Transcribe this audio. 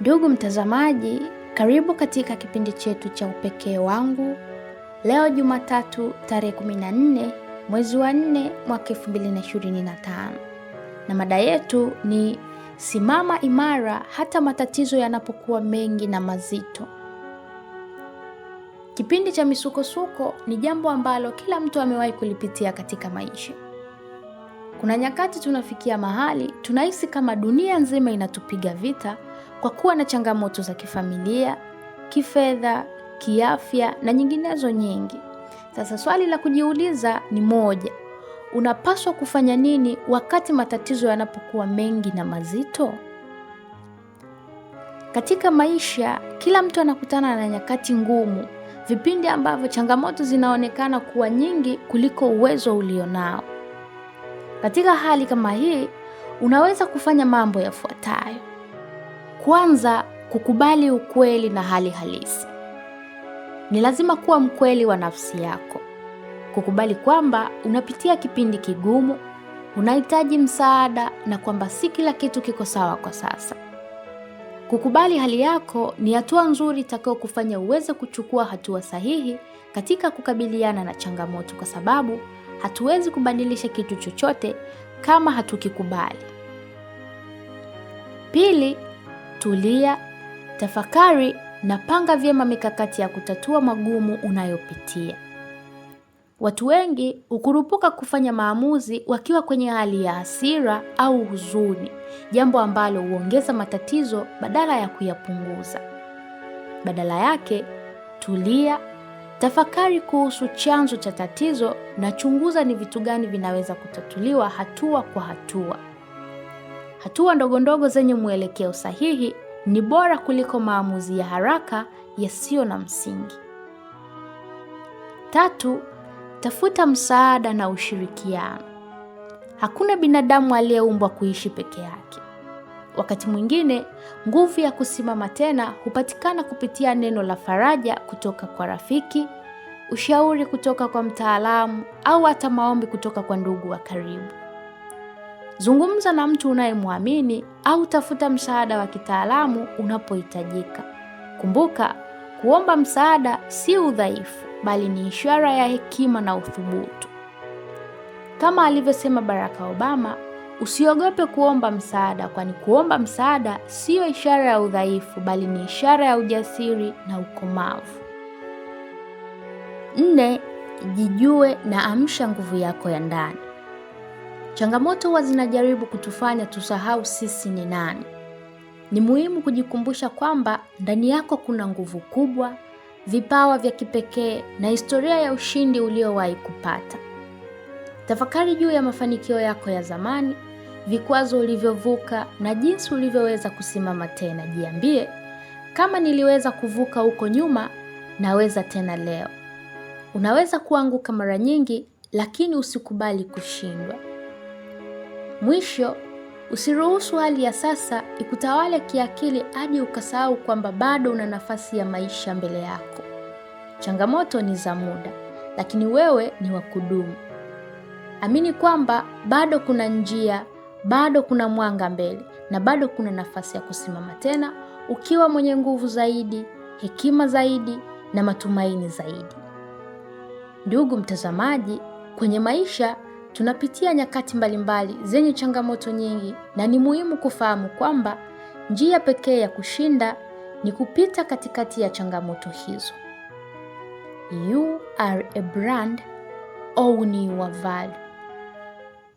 Ndugu mtazamaji, karibu katika kipindi chetu cha Upekee wangu. Leo Jumatatu tarehe 14 mwezi wa 4 mwaka 2025, na mada yetu ni simama imara hata matatizo yanapokuwa mengi na mazito. Kipindi cha misukosuko ni jambo ambalo kila mtu amewahi kulipitia katika maisha. Kuna nyakati tunafikia mahali tunahisi kama dunia nzima inatupiga vita kwa kuwa na changamoto za kifamilia, kifedha, kiafya na nyinginezo nyingi. Sasa swali la kujiuliza ni moja, unapaswa kufanya nini wakati matatizo yanapokuwa mengi na mazito? Katika maisha, kila mtu anakutana na nyakati ngumu, vipindi ambavyo changamoto zinaonekana kuwa nyingi kuliko uwezo ulionao. Katika hali kama hii, unaweza kufanya mambo yafuatayo. Kwanza, kukubali ukweli na hali halisi. Ni lazima kuwa mkweli wa nafsi yako, kukubali kwamba unapitia kipindi kigumu, unahitaji msaada na kwamba si kila kitu kiko sawa kwa sasa. Kukubali hali yako ni hatua nzuri itakayokufanya uweze kuchukua hatua sahihi katika kukabiliana na changamoto, kwa sababu hatuwezi kubadilisha kitu chochote kama hatukikubali. Pili, tulia, tafakari na panga vyema mikakati ya kutatua magumu unayopitia. Watu wengi hukurupuka kufanya maamuzi wakiwa kwenye hali ya hasira au huzuni, jambo ambalo huongeza matatizo badala ya kuyapunguza. Badala yake, tulia, tafakari kuhusu chanzo cha tatizo na chunguza ni vitu gani vinaweza kutatuliwa hatua kwa hatua. Hatua ndogondogo zenye mwelekeo sahihi ni bora kuliko maamuzi ya haraka yasiyo na msingi. Tatu, tafuta msaada na ushirikiano. Hakuna binadamu aliyeumbwa kuishi peke yake. Wakati mwingine, nguvu ya kusimama tena hupatikana kupitia neno la faraja kutoka kwa rafiki, ushauri kutoka kwa mtaalamu au hata maombi kutoka kwa ndugu wa karibu. Zungumza na mtu unayemwamini au tafuta msaada wa kitaalamu unapohitajika. Kumbuka, kuomba msaada si udhaifu, bali ni ishara ya hekima na uthubutu. Kama alivyosema Barack Obama, usiogope kuomba msaada, kwani kuomba msaada siyo ishara ya udhaifu, bali ni ishara ya ujasiri na ukomavu. Nne, jijue na amsha nguvu yako ya ndani. Changamoto huwa zinajaribu kutufanya tusahau sisi ni nani. Ni muhimu kujikumbusha kwamba ndani yako kuna nguvu kubwa, vipawa vya kipekee na historia ya ushindi uliowahi kupata. Tafakari juu ya mafanikio yako ya zamani, vikwazo ulivyovuka na jinsi ulivyoweza kusimama tena. Jiambie, kama niliweza kuvuka huko nyuma, naweza tena leo. Unaweza kuanguka mara nyingi, lakini usikubali kushindwa. Mwisho, usiruhusu hali ya sasa ikutawale kiakili hadi ukasahau kwamba bado una nafasi ya maisha mbele yako. Changamoto ni za muda, lakini wewe ni wa kudumu. Amini kwamba bado kuna njia, bado kuna mwanga mbele, na bado kuna nafasi ya kusimama tena ukiwa mwenye nguvu zaidi, hekima zaidi na matumaini zaidi. Ndugu mtazamaji, kwenye maisha Tunapitia nyakati mbalimbali zenye changamoto nyingi na ni muhimu kufahamu kwamba njia pekee ya kushinda ni kupita katikati ya changamoto hizo. You are a brand, own your value.